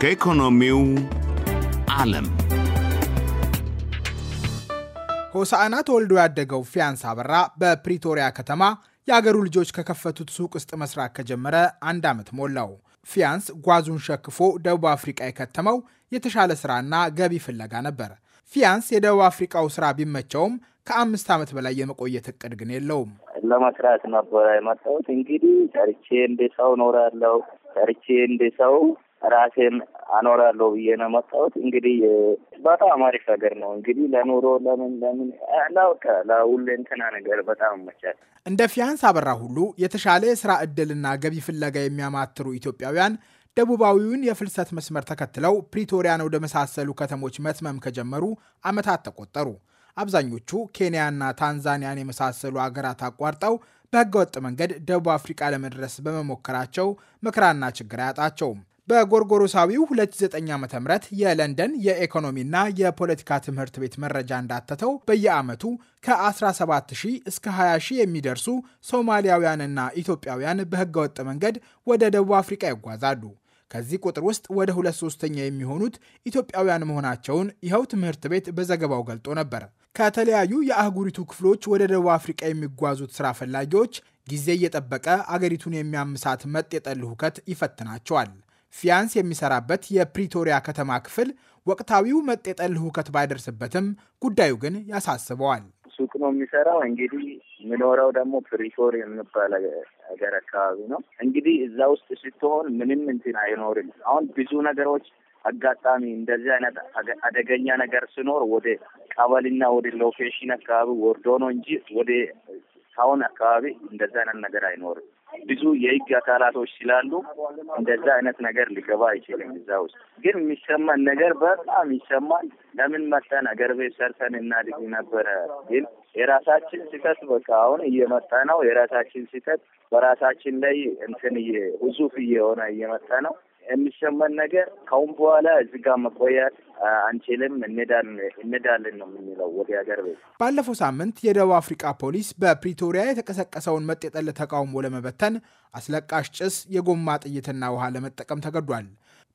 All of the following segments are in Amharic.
ከኢኮኖሚው ዓለም ሆሳዕና ተወልዶ ያደገው ፊያንስ አበራ በፕሪቶሪያ ከተማ የአገሩ ልጆች ከከፈቱት ሱቅ ውስጥ መስራት ከጀመረ አንድ ዓመት ሞላው። ፊያንስ ጓዙን ሸክፎ ደቡብ አፍሪቃ የከተመው የተሻለ ስራና ገቢ ፍለጋ ነበር። ፊያንስ የደቡብ አፍሪቃው ስራ ቢመቸውም ከአምስት ዓመት በላይ የመቆየት እቅድ ግን የለውም። ለመስራት ነበረ የመጣሁት። እንግዲህ ሰርቼ እንደ ሰው እኖራለሁ፣ ሰርቼ እንደ ሰው ራሴን አኖራለሁ ብዬ ነው መጣሁት። እንግዲህ በጣም አሪፍ ነገር ነው። እንግዲህ ለኑሮ ለምን ለምን ላውቀ ለሁሌ ነገር በጣም መቻል እንደ ፊያንስ አበራ ሁሉ የተሻለ የስራ እድልና ገቢ ፍለጋ የሚያማትሩ ኢትዮጵያውያን ደቡባዊውን የፍልሰት መስመር ተከትለው ፕሪቶሪያን ወደ መሳሰሉ ከተሞች መትመም ከጀመሩ ዓመታት ተቆጠሩ። አብዛኞቹ ኬንያና ታንዛኒያን የመሳሰሉ አገራት አቋርጠው በህገወጥ መንገድ ደቡብ አፍሪቃ ለመድረስ በመሞከራቸው መከራና ችግር አያጣቸውም። በጎርጎሮሳዊው 29 ዓ ም የለንደን የኢኮኖሚና የፖለቲካ ትምህርት ቤት መረጃ እንዳተተው በየዓመቱ ከ17000 እስከ 20000 የሚደርሱ ሶማሊያውያንና ኢትዮጵያውያን በህገወጥ መንገድ ወደ ደቡብ አፍሪቃ ይጓዛሉ። ከዚህ ቁጥር ውስጥ ወደ ሁለት ሶስተኛ የሚሆኑት ኢትዮጵያውያን መሆናቸውን ይኸው ትምህርት ቤት በዘገባው ገልጦ ነበር። ከተለያዩ የአህጉሪቱ ክፍሎች ወደ ደቡብ አፍሪቃ የሚጓዙት ስራ ፈላጊዎች ጊዜ እየጠበቀ አገሪቱን የሚያምሳት መጤ ጠል ሁከት ይፈትናቸዋል። ፊያንስ የሚሰራበት የፕሪቶሪያ ከተማ ክፍል ወቅታዊው መጤ ጠል ሁከት ባይደርስበትም ጉዳዩ ግን ያሳስበዋል። ሱቅ ነው የሚሰራው። እንግዲህ የምኖረው ደግሞ ፕሪቶሪ የሚባል ሀገር አካባቢ ነው። እንግዲህ እዛ ውስጥ ስትሆን ምንም እንትን አይኖርም። አሁን ብዙ ነገሮች አጋጣሚ እንደዚህ አይነት አደገኛ ነገር ሲኖር ወደ ቀበሌና ወደ ሎኬሽን አካባቢ ወርዶ ነው እንጂ ወደ ታውን አካባቢ እንደዚህ አይነት ነገር አይኖርም። ብዙ የህግ አካላቶች ስላሉ እንደዛ አይነት ነገር ሊገባ አይችልም። እዛ ውስጥ ግን የሚሰማን ነገር በጣም ይሰማል። ለምን መጠን አገር ቤት ሰርተን እናድግ ነበረ። ግን የራሳችን ስህተት በቃ አሁን እየመጣ ነው። የራሳችን ስህተት በራሳችን ላይ እንትን ሁዙፍ እየሆነ እየመጣ ነው። የሚሸመን ነገር ካሁን በኋላ እዚህ ጋር መቆያት አንችልም፣ እንዳለን ነው የምንለው ወደ ሀገር ቤት። ባለፈው ሳምንት የደቡብ አፍሪካ ፖሊስ በፕሪቶሪያ የተቀሰቀሰውን መጤጠል ተቃውሞ ለመበተን አስለቃሽ ጭስ፣ የጎማ ጥይትና ውሃ ለመጠቀም ተገዷል።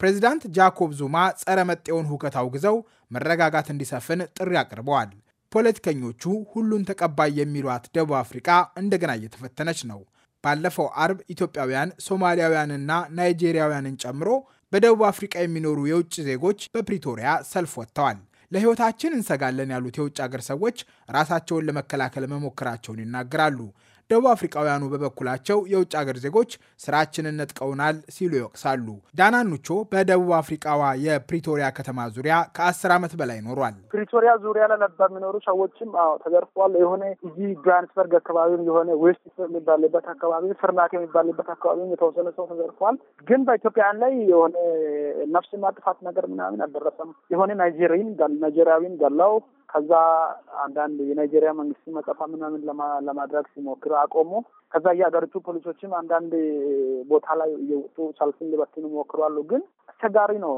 ፕሬዚዳንት ጃኮብ ዙማ ጸረ መጤውን ሁከት አውግዘው መረጋጋት እንዲሰፍን ጥሪ አቅርበዋል። ፖለቲከኞቹ ሁሉን ተቀባይ የሚሏት ደቡብ አፍሪካ እንደገና እየተፈተነች ነው። ባለፈው አርብ ኢትዮጵያውያን፣ ሶማሊያውያንና ናይጄሪያውያንን ጨምሮ በደቡብ አፍሪቃ የሚኖሩ የውጭ ዜጎች በፕሪቶሪያ ሰልፍ ወጥተዋል። ለሕይወታችን እንሰጋለን ያሉት የውጭ አገር ሰዎች ራሳቸውን ለመከላከል መሞከራቸውን ይናገራሉ። ደቡብ አፍሪካውያኑ በበኩላቸው የውጭ አገር ዜጎች ስራችንን ነጥቀውናል ሲሉ ይወቅሳሉ። ኑቾ በደቡብ አፍሪካዋ የፕሪቶሪያ ከተማ ዙሪያ ከአስር ዓመት በላይ ኖሯል። ፕሪቶሪያ ዙሪያ ላይ በሚኖሩ ሰዎችም አዎ የሆነ እዚህ ጆሃንስበርግ አካባቢ የሆነ ዌስት የሚባልበት አካባቢ ፍርናት የሚባልበት አካባቢ የተወሰነ ሰው ተዘርፏል። ግን በኢትዮጵያውያን ላይ የሆነ ነፍስ ማጥፋት ነገር ምናምን አልደረሰም። የሆነ ናይጄሪን ናይጄሪያዊን ገላው ከዛ አንዳንድ የናይጄሪያ መንግስት መጠፋ ምናምን ለማድረግ ሲሞክር አቆሙ። ከዛ የሀገሪቱ ፖሊሶችም አንዳንድ ቦታ ላይ እየወጡ ሰልፍን ሊበትኑ ሞክሯሉ። ግን አስቸጋሪ ነው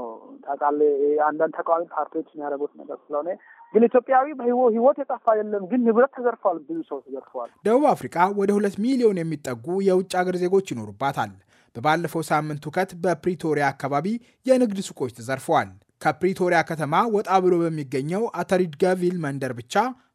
ታውቃለህ። አንዳንድ ተቃዋሚ ፓርቲዎች የሚያደርጉት ነገር ስለሆነ ግን ኢትዮጵያዊ ህይወት የጠፋ የለም፣ ግን ንብረት ተዘርፏል። ብዙ ሰው ተዘርፏል። ደቡብ አፍሪካ ወደ ሁለት ሚሊዮን የሚጠጉ የውጭ ሀገር ዜጎች ይኖሩባታል። በባለፈው ሳምንት ሁከት በፕሪቶሪያ አካባቢ የንግድ ሱቆች ተዘርፈዋል። ከፕሪቶሪያ ከተማ ወጣ ብሎ በሚገኘው አተሪድጋቪል መንደር ብቻ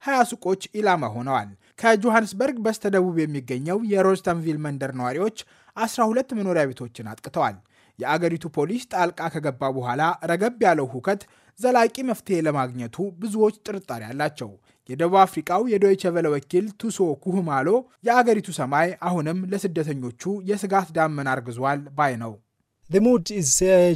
20 ሱቆች ኢላማ ሆነዋል። ከጆሃንስበርግ በስተደቡብ የሚገኘው የሮስተንቪል መንደር ነዋሪዎች 12 መኖሪያ ቤቶችን አጥቅተዋል። የአገሪቱ ፖሊስ ጣልቃ ከገባ በኋላ ረገብ ያለው ሁከት ዘላቂ መፍትሄ ለማግኘቱ ብዙዎች ጥርጣሬ አላቸው። የደቡብ አፍሪካው የዶይቸ ቬለ ወኪል ቱሶ ኩህማሎ የአገሪቱ ሰማይ አሁንም ለስደተኞቹ የስጋት ዳመና አርግዟል ባይ ነው። Uh,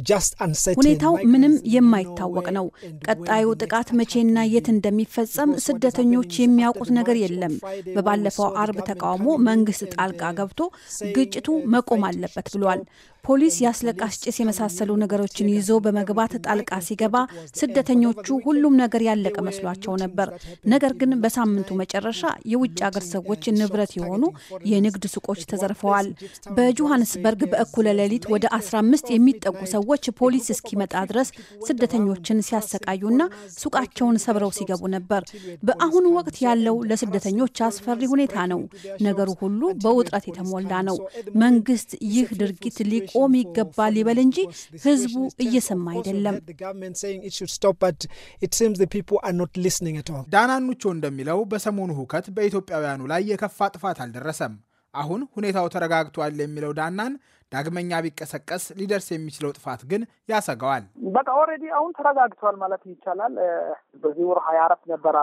ሁኔታው ምንም የማይታወቅ ነው። ቀጣዩ ጥቃት መቼና የት እንደሚፈጸም ስደተኞች የሚያውቁት ነገር የለም። በባለፈው አርብ ተቃውሞ መንግስት ጣልቃ uh, ገብቶ ግጭቱ መቆም አለበት ብሏል። ፖሊስ ያስለቃሽ ጭስ የመሳሰሉ ነገሮችን ይዞ በመግባት ጣልቃ ሲገባ ስደተኞቹ ሁሉም ነገር ያለቀ መስሏቸው ነበር። ነገር ግን በሳምንቱ መጨረሻ የውጭ አገር ሰዎች ንብረት የሆኑ የንግድ ሱቆች ተዘርፈዋል። በጆሃንስበርግ በእኩለ ሌሊት ወደ 15 የሚጠጉ ሰዎች ፖሊስ እስኪመጣ ድረስ ስደተኞችን ሲያሰቃዩና ሱቃቸውን ሰብረው ሲገቡ ነበር። በአሁኑ ወቅት ያለው ለስደተኞች አስፈሪ ሁኔታ ነው። ነገሩ ሁሉ በውጥረት የተሞላ ነው። መንግስት ይህ ድርጊት ሊቆ ሊቆም ይገባል ይበል እንጂ ህዝቡ እየሰማ አይደለም። ዳና እንደሚለው በሰሞኑ ሁከት በኢትዮጵያውያኑ ላይ የከፋ ጥፋት አልደረሰም። አሁን ሁኔታው ተረጋግቷል የሚለው ዳናን ዳግመኛ ቢቀሰቀስ ሊደርስ የሚችለው ጥፋት ግን ያሰጋዋል። በቃ ኦልሬዲ አሁን ተረጋግቷል ማለት ይቻላል። በዚህ ወር ሀያ አራት ነበረ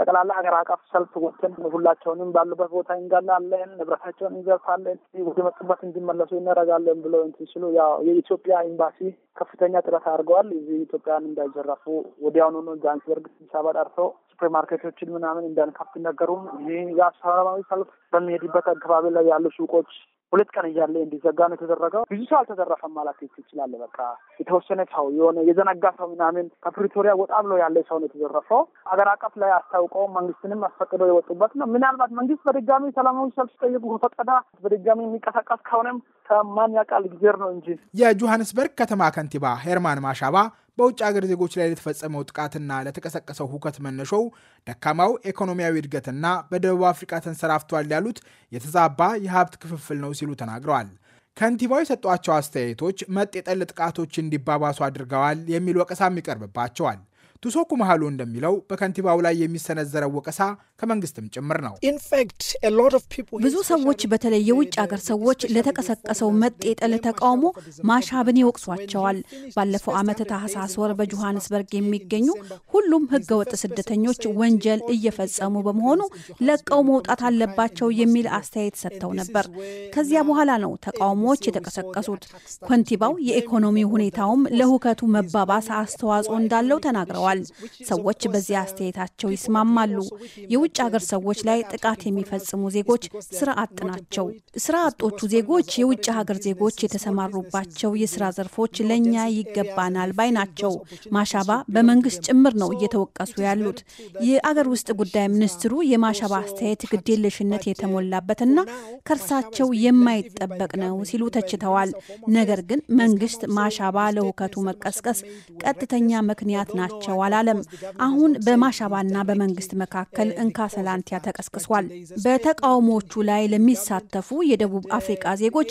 ጠቅላላ ሀገር አቀፍ ሰልፍ ወጥተን ሁላቸውንም ባሉበት ቦታ እንገላለን፣ ንብረታቸውን እንዘርፋለን፣ ወደ መጡበት እንዲመለሱ እናደርጋለን ብለው እንትን ሲሉ ያው የኢትዮጵያ ኤምባሲ ከፍተኛ ጥረት አድርገዋል። እዚህ ኢትዮጵያን እንዳይዘረፉ ወዲያውኑ ዛንስበርግ አዲስ አበባ ጠርቶ ሱፐር ማርኬቶችን ምናምን እንዳንከፍት ነገሩም። ይህ ሰላማዊ ሰልፍ በሚሄድበት አካባቢ ላይ ያሉ ሱቆች ሁለት ቀን እያለ እንዲዘጋ ነው የተደረገው። ብዙ ሰው አልተዘረፈም ማለት ይችላል። በቃ የተወሰነ ሰው የሆነ የዘነጋ ሰው ምናምን ከፕሪቶሪያ ወጣ ብሎ ያለ ሰው ነው የተዘረፈው። አገር አቀፍ ላይ አስታውቀው መንግስትንም አስፈቅዶ የወጡበት ነው። ምናልባት መንግስት በድጋሚ ሰላማዊ ሰልፍ ሲጠይቁ ከፈቀደ በድጋሚ የሚንቀሳቀስ ከሆነም ከማን ያውቃል ጊዜር ነው እንጂ የጆሀንስበርግ ከተማ ከንቲባ ሄርማን ማሻባ በውጭ ሀገር ዜጎች ላይ ለተፈጸመው ጥቃትና ለተቀሰቀሰው ሁከት መነሾው ደካማው ኢኮኖሚያዊ እድገትና በደቡብ አፍሪካ ተንሰራፍቷል ያሉት የተዛባ የሀብት ክፍፍል ነው ሲሉ ተናግረዋል። ከንቲባው የሰጧቸው አስተያየቶች የጠል ጥቃቶች እንዲባባሱ አድርገዋል የሚል ወቀሳም ይቀርብባቸዋል። ቱሶኩ መሃሉ እንደሚለው በከንቲባው ላይ የሚሰነዘረው ወቀሳ ከመንግስትም ጭምር ነው። ብዙ ሰዎች በተለይ የውጭ ሀገር ሰዎች ለተቀሰቀሰው መጤ ጠል ተቃውሞ ማሻብን ይወቅሷቸዋል። ባለፈው ዓመት ታህሳስ ወር በጆሃንስበርግ የሚገኙ ሁሉም ህገወጥ ስደተኞች ወንጀል እየፈጸሙ በመሆኑ ለቀው መውጣት አለባቸው የሚል አስተያየት ሰጥተው ነበር። ከዚያ በኋላ ነው ተቃውሞዎች የተቀሰቀሱት። ከንቲባው የኢኮኖሚ ሁኔታውም ለሁከቱ መባባስ አስተዋጽኦ እንዳለው ተናግረዋል። ብለዋል። ሰዎች በዚህ አስተያየታቸው ይስማማሉ። የውጭ ሀገር ሰዎች ላይ ጥቃት የሚፈጽሙ ዜጎች ስራ አጥ ናቸው። ስራ አጦቹ ዜጎች የውጭ ሀገር ዜጎች የተሰማሩባቸው የስራ ዘርፎች ለእኛ ይገባናል ባይ ናቸው። ማሻባ በመንግስት ጭምር ነው እየተወቀሱ ያሉት። የአገር ውስጥ ጉዳይ ሚኒስትሩ የማሻባ አስተያየት ግዴለሽነት የተሞላበትና ከእርሳቸው የማይጠበቅ ነው ሲሉ ተችተዋል። ነገር ግን መንግስት ማሻባ ለውከቱ መቀስቀስ ቀጥተኛ ምክንያት ናቸው ነው አላለም። አሁን በማሻባና በመንግስት መካከል እንካሰላንቲያ ተቀስቅሷል። በተቃውሞዎቹ ላይ ለሚሳተፉ የደቡብ አፍሪቃ ዜጎች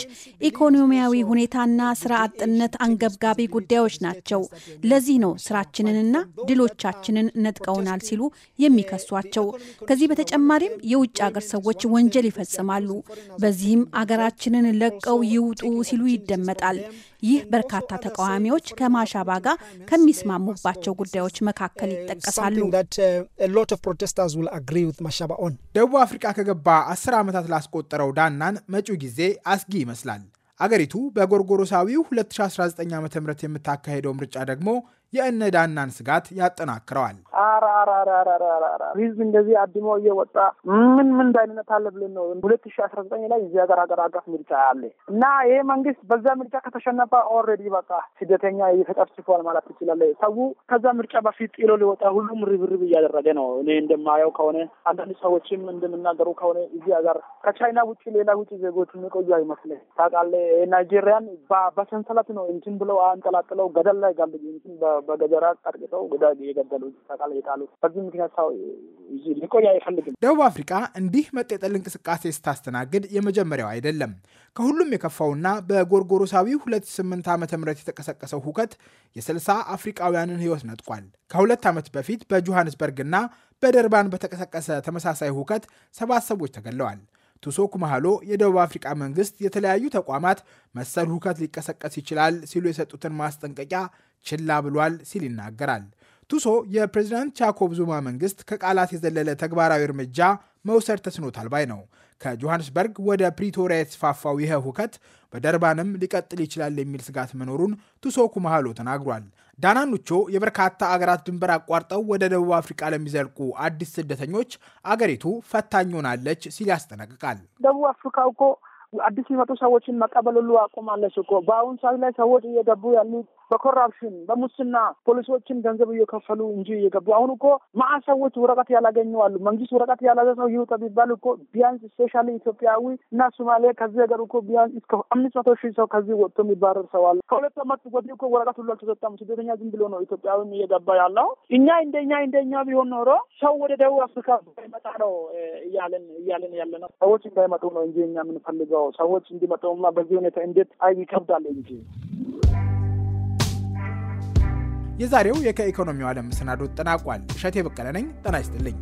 ኢኮኖሚያዊ ሁኔታና ስራ አጥነት አንገብጋቢ ጉዳዮች ናቸው። ለዚህ ነው ስራችንንና ድሎቻችንን ነጥቀውናል ሲሉ የሚከሷቸው። ከዚህ በተጨማሪም የውጭ አገር ሰዎች ወንጀል ይፈጽማሉ። በዚህም አገራችንን ለቀው ይውጡ ሲሉ ይደመጣል። ይህ በርካታ ተቃዋሚዎች ከማሻባ ጋር ከሚስማሙባቸው ጉዳዮች መካከል ይጠቀሳሉ። uh, ደቡብ አፍሪቃ ከገባ አስር ዓመታት ላስቆጠረው ዳናን መጪው ጊዜ አስጊ ይመስላል። አገሪቱ በጎርጎሮሳዊው 2019 ዓ ም የምታካሄደው ምርጫ ደግሞ የእነዳናን ስጋት ያጠናክረዋል። ህዝብ እንደዚህ አድሞ እየወጣ ምን ምን ዳይነት አለ ብለን ነው ሁለት ሺ አስራ ዘጠኝ ላይ እዚህ ሀገር ሀገር አቀፍ ምርጫ አለ እና ይሄ መንግስት በዛ ምርጫ ከተሸነፈ ኦልሬዲ በቃ ስደተኛ እየተጨፍጭፏል ማለት ትችላለ። ሰው ከዛ ምርጫ በፊት ጥሎ ሊወጣ ሁሉም ርብርብ እያደረገ ነው። እኔ እንደማየው ከሆነ አንዳንድ ሰዎችም እንደምናገሩ ከሆነ እዚህ ሀገር ከቻይና ውጭ ሌላ ውጭ ዜጎች የሚቆዩ አይመስለኝ ታውቃለህ። ናይጄሪያን በሰንሰለት ነው እንትን ብለው አንጠላጥለው ገደል ላይ ጋል እንትን በገጀራ ቀርቅሰው ግዳጅ የገደሉት ጠቃል የጣሉት በዚህ ምክንያት ሰው ሊቆይ አይፈልግም። ደቡብ አፍሪካ እንዲህ መጤጠል እንቅስቃሴ ስታስተናግድ የመጀመሪያው አይደለም። ከሁሉም የከፋውና በጎርጎሮሳዊ 28 ዓ ም የተቀሰቀሰው ሁከት የ60 አፍሪቃውያንን ህይወት ነጥቋል። ከሁለት ዓመት በፊት በጆሃንስበርግና በደርባን በተቀሰቀሰ ተመሳሳይ ሁከት ሰባት ሰዎች ተገለዋል። ቱሶ መሃሎ የደቡብ አፍሪቃ መንግስት የተለያዩ ተቋማት መሰል ሁከት ሊቀሰቀስ ይችላል ሲሉ የሰጡትን ማስጠንቀቂያ ችላ ብሏል ሲል ይናገራል። ቱሶ የፕሬዚዳንት ጃኮብ ዙማ መንግስት ከቃላት የዘለለ ተግባራዊ እርምጃ መውሰድ ተስኖታል ባይ ነው። ከጆሃንስበርግ ወደ ፕሪቶሪያ የተስፋፋው ይህ ሁከት በደርባንም ሊቀጥል ይችላል የሚል ስጋት መኖሩን ቱሶ መሃሎ ተናግሯል። ዳናኑቾ የበርካታ አገራት ድንበር አቋርጠው ወደ ደቡብ አፍሪካ ለሚዘልቁ አዲስ ስደተኞች አገሪቱ ፈታኝ ሆናለች ሲል ያስጠነቅቃል። ደቡብ አፍሪካ እኮ አዲስ የመጡ ሰዎችን መቀበል ሁሉ አቁማለች እኮ በአሁኑ ሰዓት ላይ ሰዎች እየገቡ ያሉት በኮራፕሽን በሙስና ፖሊሶችን ገንዘብ እየከፈሉ እንጂ እየገቡ አሁን እኮ መአ ሰዎች ወረቀት ያላገኙ አሉ። መንግስት ወረቀት ያላዘ ሰው ይውጣ ቢባል እኮ ቢያንስ ስፔሻሊ ኢትዮጵያዊ እና ሶማሌ ከዚህ ሀገር እኮ ቢያንስ እስከ አምስት መቶ ሺህ ሰው ከዚህ ወጥቶ የሚባረር ሰው አለ። ከሁለት ዓመት ወዲህ እኮ ወረቀት ሁሉ አልተሰጣም። ስደተኛ ዝም ብሎ ነው ኢትዮጵያዊም እየገባ ያለው። እኛ እንደኛ እንደኛ ቢሆን ኖሮ ሰው ወደ ደቡብ አፍሪካ እንዳይመጣ ነው እያለን እያለን ያለ ነው። ሰዎች እንዳይመጡ ነው እንጂ እኛ የምንፈልገው ሰዎች እንዲመጡማ በዚህ ሁኔታ እንዴት አይ ይከብዳል እንጂ የዛሬው የከኢኮኖሚው ዓለም መሰናዶ ተጠናቋል። እሸቴ በቀለ ነኝ። ጤና ይስጥልኝ።